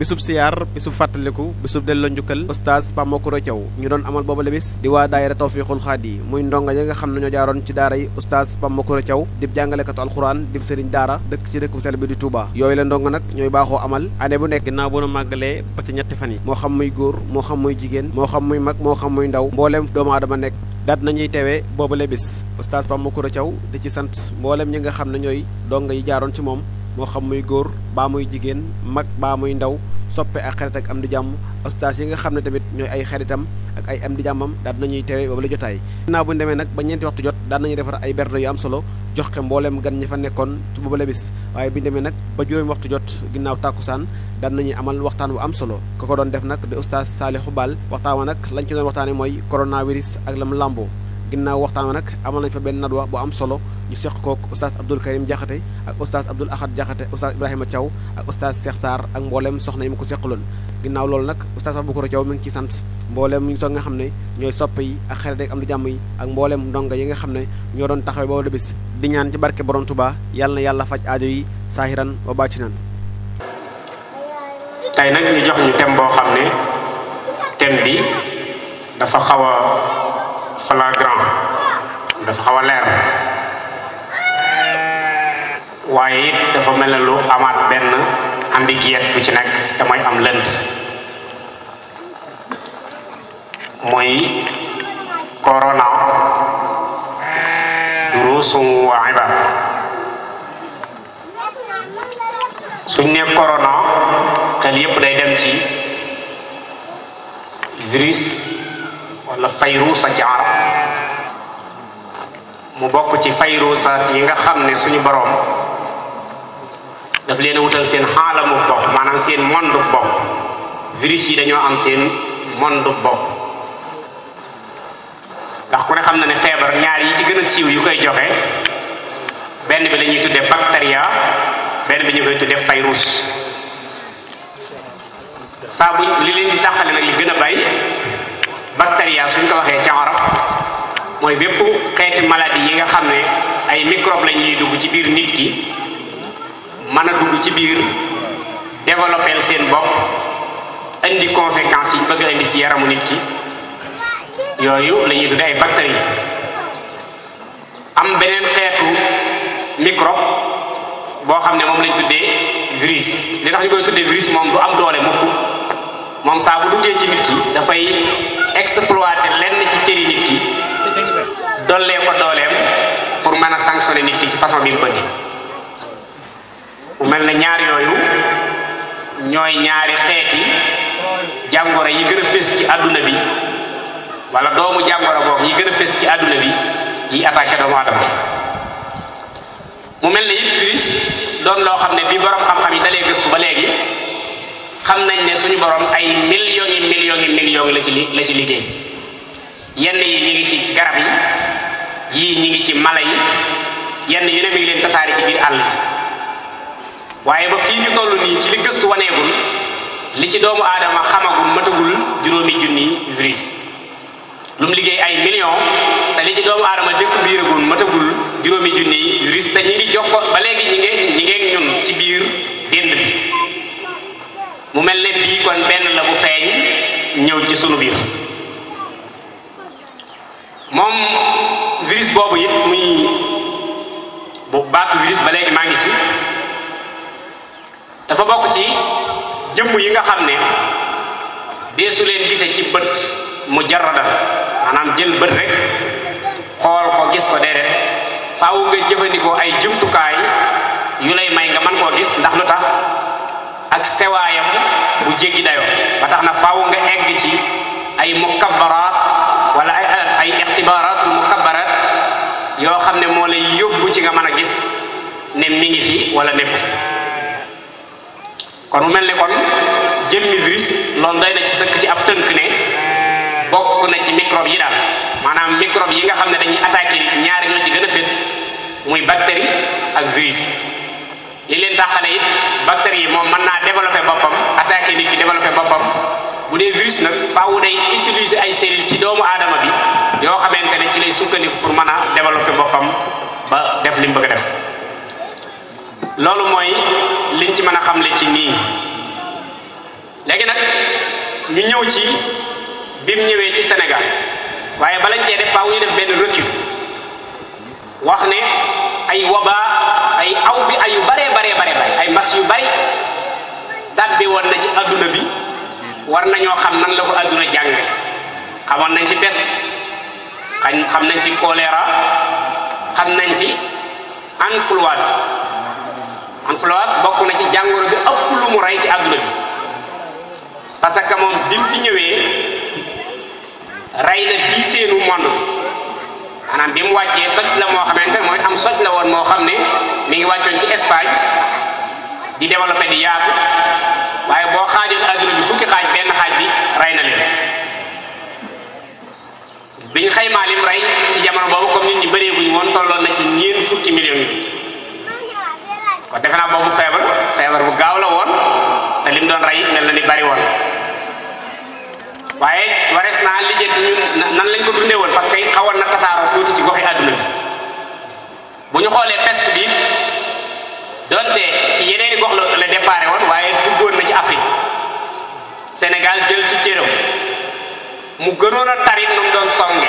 bisub siyaar bisub fàttaliku bisub delloo njukkal oustaz Pape Makoura Thiaw ñu doon amal boobu lebis di waa daayira tawfiixul xaadi muy ndonga ya nga xam ne ñoo jaaroon ci daara yi oustaz Pape Makoura Thiaw dib jàngalekatu alxuraan dib sëriñ daara dëkk ci dëkkum sel bi di Touba yooyu la ndonga nag ñooy baaxoo amal année bu nekk ginnaaw bu nu màggalee ba ci ñetti fan yi moo xam muy góor moo xam muy jigéen moo xam muy mag moo xam muy ndaw mbooleem doomu aadama nekk daat nañuy teewee boobale bis oustaz Pape Makoura Thiaw di ci sant mboolem ñi nga xam ne ñooy dong yi jaaroon ci moom moo xam muy góor baa muy jigéen mag baa muy ndaw soppe ak xarit ak am di jàmm ostaas yi nga xam ne tamit ñooy ay xaritam ak ay am di jàmmam daan nañuy teewe boobu la jotaay ginnaaw bu ñu demee nag ba ñeenti waxtu jot daan nañuy defar ay bernde yu am solo jox ko mbooleem gan ñi fa nekkoon su boobu la bis waaye bi ñu demee nag ba juróomi waxtu jot ginnaaw tàkkusaan daan nañuy amal waxtaan bu am solo ko ko doon def nag di ostaas Saliou Baal waxtaan wa nag lañ ci doon waxtaane mooy coronavirus ak lam lambo ginnaaw waxtaan wa nag amal nañ fa benn nadwa bu am solo ñu seq kook oustaz Abdoul Karim Diakhaté ak oustaz Abdoul Ahad Diakhaté oustaz Ibrahima Thiaw ak oustaz Cheikh Sarr ak mboolem soxna yi mu ko seqaloon ginnaaw loolu nag oustaz Aboubacar Thiaw mi ngi ciy sant mboolem ñu soog nga xam ne ñooy soppe yi ak xarit ak am du jàmm yi ak mboolem ndongo yi nga xam ne ñoo doon taxawee booba la bis di ñaan ci barke doon Touba yàlla na yàlla faj aajo yi saahiran wa baatinan tey nag ñu jox ñu thème boo xam flagrant dafa xaw a leer waaye dafa mel ne lu amaat benn ambiguïté bu ci nekk te mooy am lënt mooy corona durusun wa ibar suñ ne corona xel yépp day dem ci virus la fayruusa ci arab mu bokk ci fayruusaat yi nga xam ne suñu boroom daf leen wutal seen xaalamu bopp maanaam seen mondu bopp virus yi dañoo am seen mondu bopp ndax ku ne xam na ne feebar ñaar yi ci gën a siiw yu koy joxe benn bi la ñuy tuddee bacteria benn bi ñu koy tuddee virus saa buñ li leen di tàqale nag li gën a bay bactéria suñ ko waxee ci mooy bépp xeeti maladie yi nga xam ne ay microbe la ñuy dugg ci biir nit ki mën a dugg ci biir développer seen bopp indi conséquences yi bëgg a indi ci yaramu nit ki yooyu lañuy ñuy tuddee ay bactéries am beneen xeetu microbe boo xam ne moom lañ tuddee virus li tax ñu koy tuddee virus moom du am doole mukk moom saa bu duggee ci nit ki dafay exploiter lenn ci cëri nit ki dollee ko dooleem pour mën a sanctionner nit ki ci façon bi mu mu mel na ñaar yooyu ñooy ñaari xeeti jàngoro yi gën a fés ci àdduna bi wala doomu jàngoro boog yi gën a fés ci àdduna bi yi attaqué doomu aadama mu mel ne it doon loo xam ne bi borom xam-xam yi dalee gëstu ba léegi xam nañ ne suñu borom ay millions yi millions yi la ci la ci liggéey yenn yi ñu ngi ci garab yi yii ñu ngi ci mala yi yenn yu ne mi ngi leen tasaare ci biir àll waaye ba fii ñu toll nii ci li gëstu waneegul li ci doomu aadama xamagul matagul juróomi junni virus lu mu liggéey ay millions te li ci doomu aadama découvriragul matagul juróomi junni virus te ñi ngi jox ko ba léegi ñi ngi ñun ci biir dénd bi mu mel ne bii kon benn la bu feeñ ñëw ci sunu biir moom virus boobu it muy bu baatu virus ba léegi maa ngi fi dafa bokk ci jëmm yi nga xam ne dee leen gisee ci bët mu jarradal maanaam jël bët rek xool ko gis ko déedéet faaw nga jëfandikoo ay jumtukaay yu lay may nga mën koo gis ndax lu tax ak sewaayam bu jéggi dayo ba tax na faaw nga egg ci ay mukabbarat wala ay ixtibaaratul mukabbarat yoo xam ne moo lay yóbbu ci nga mën a gis ne mi ngi fi wala nekku fi kon mu mel ne kon jëmmi virus loolu doy na ci sëkk ci ab tënk ne bokk na ci microbe yi daal maanaam microbe yi nga xam ne dañuy attaqué ñaari ñoo ci gën a fés muy bactérie ak virus li leen tàqale it bactéries moom mën naa développer boppam attaquer nit ki développer boppam bu dee virus nag faawu day utiliser ay cellules ci doomu aadama bi yoo xamante ne ci lay sukkandiku pour mën a développer boppam ba def li mu bëgg a def loolu mooy liñ ci mën a xam xamle ci nii léegi nag ñu ñëw ci bim ñëwee ci Sénégal waaye balañ cee def faaw ñu def benn recul wax ne ay waba mbas yu bari tàbbi woon na ci adduna bi war nañoo xam nan la ko adduna jàngale xamoon nañ fi peste xam nañ fi choléra xam nañ fi influence influence bokk na ci jàngoro bi ëpp lu mu rey ci adduna bi parce que moom bi mu ñëwee rey na diiseenu monde maanaam bi mu wàccee soj la moo xamante mooy am soj la woon moo xam ne mi ngi wàccoon ci Espagne di développé di yaatu waaye boo xaajoon adduna bi fukki xaaj benn xaaj bi rey na leen bi ñu xaymaa lim rey ci jamono boobu comme nit ñi bëree guñ woon tolloon na ci ñeen fukki million yi nit kon defe naa boobu feebar feebar bu gaaw la woon te lim doon rey mel na ni bari woon waaye warees naa lijjanti ñun nan lañ ko dundee woon parce que xawoon na tasaaroo tuuti ci goxi àdduna bi bu ñu xoolee peste bi Sénégal jël ci cëram mu gënoon a tarit nu mu doon songe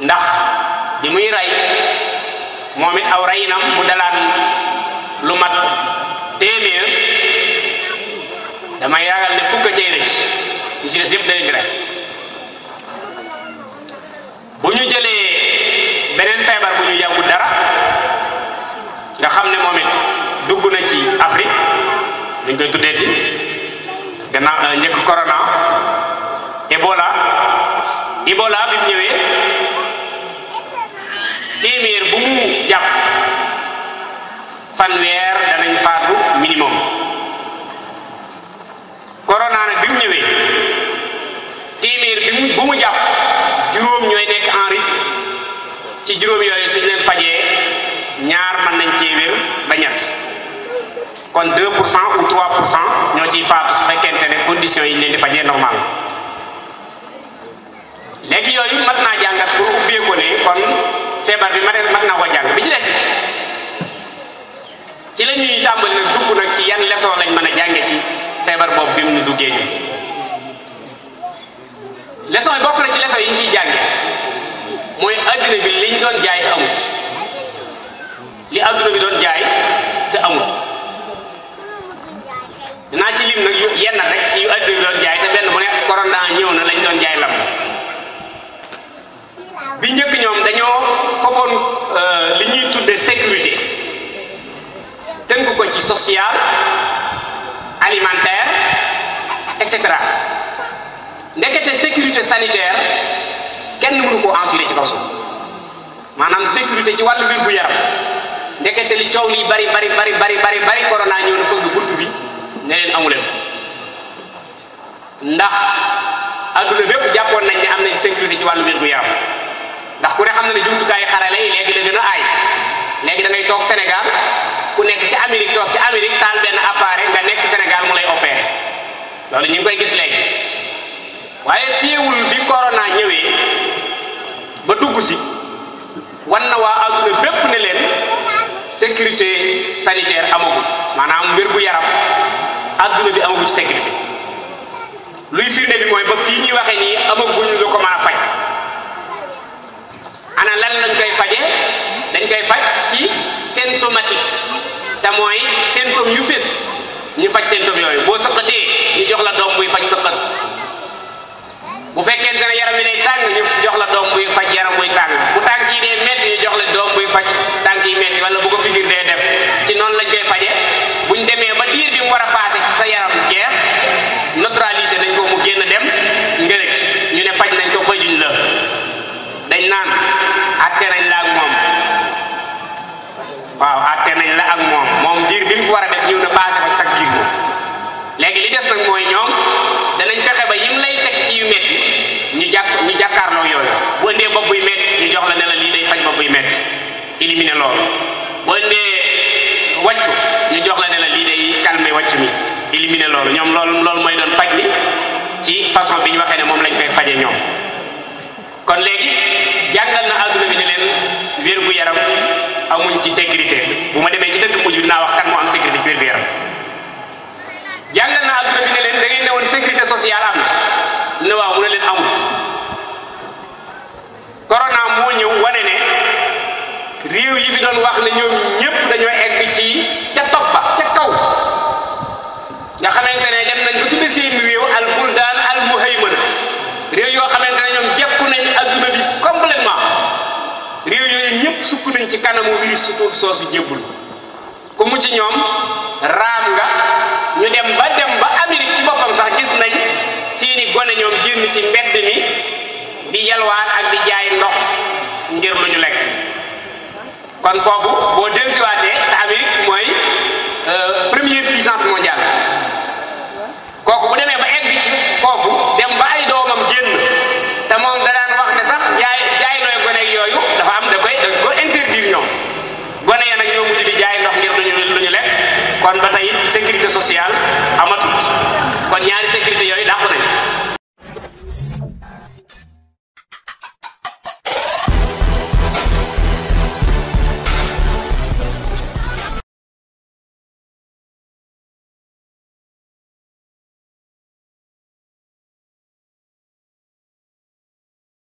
ndax bi muy rey moom it aw reyinam mu dalaan lu mat téeméer damay ragal ne fukk cay rëcc ñu ci des yëpp dañu di rey bu ñu jëlee beneen feebar bu ñu yàggu dara nga xam ne moom it dugg na ci Afrique dañ koy tuddeeti gannaaw euh, njëkk corona Ebola Ebola bi mu ñëwee téeméer bu mu kon 2 pour cent ou pour cent ñoo ciy faatu su fekkente ne conditions yi leen di fajee normal léegi yooyu mat naa jàngat pour ubbee ko ne kon feebar bi mat naa ko jàng bi ci des ci la ñuy tàmbali nag dugg nag ci yan leçon lañ mën a jànge ci feebar boobu bi mu nu duggee ñu leçon bokk na ci leçon yi ñu ciy jànge mooy adduna bi liñ doon jaay te amut li adduna bi doon jaay te amut nag yenn rek ci yu doon jaay te benn bu ne corona ñëw na lañ doon jaay lam bi njëkk ñoom dañoo fopoon euh, li ñuy tudde sécurité tënk ko ci social alimentaire et cetera ndekete sécurité sanitaire kenn mënu koo assuré ci kaw suuf maanaam sécurité ci wàll wér gu yaram ndekete li coow li bari bari bari bari bari bari corona ñëw na fëgg bunt bi ne leen amu leen ndax adduna bépp jàppoon nañ ne am nañ sécurité ci wàllu wér-gu-yaram ndax ku ne xam na ne jumtukaayu xarale yi léegi la gën a ay léegi da ngay toog Sénégal ku nekk ci Amérique toog ci Amérique taal benn appareil nga nekk Sénégal mu lay opéré loolu ñu ngi koy gis léegi waaye téewul bi corona ñëwee ba dugg si wan na waa adduna bépp ne leen sécurité sanitaire amagul maanaam wér-gu-yaram adduna bi amaguñ sécurité luy firnde bi mooy ba fii ñuy waxee nii amaguñ lu ko mën a faj ana lañ koy faje dañ koy faj ci symptomatique te mooy symptôme yu fés ñu faj symptôme yooyu boo sëqatee ñu jox la doom buy faj sëqat bu fekkente ne yaram yi day tàng ñu jox la doom buy faj yaram buy tàng bu tànk yi dee metti ñu jox la doom buy faj tànk yi metti wala bu ko piqûre dee def ci noonu lañ koy faje buñ demee ba diir bi mu war a paase éliminer loolu mooy indee wàccu ñu jox la ne la lii de calmer wàccu mi éliminer loolu ñoom loolu loolu mooy doon paj mi ci façon bi ñu waxee ne moom lañ koy faje ñoom kon léegi jàngal na àdduna bi ne leen wér yaram amuñ ci sécurité bu ma demee ci dëkk mujj wax kan am sécurité ci wér ne leen sécurité sociale am na ne waaw mu ne leen amut corona moo ñëw wane ne réew yi fi doon wax ne ñoom ñëpp dañoo egg ci ca toppa ca kaw nga xamante ne dem nañ ba tudde seen réew al buldaan al muhaymana réew yoo xamante ne ñoom jekku nañ adduna bi complètement réew yooyu ñëpp sukk nañ ci kanamu virus su tuuf soosu jébbul ku mu ci ñoom raam nga ñu dem ba dem ba Amérique ci boppam sax gis nañ seeni gone ñoom génn ci mbedd mi di yalwaan ak di jaay ndox ngir lu ñu lekk kon foofu boo dellusiwaatee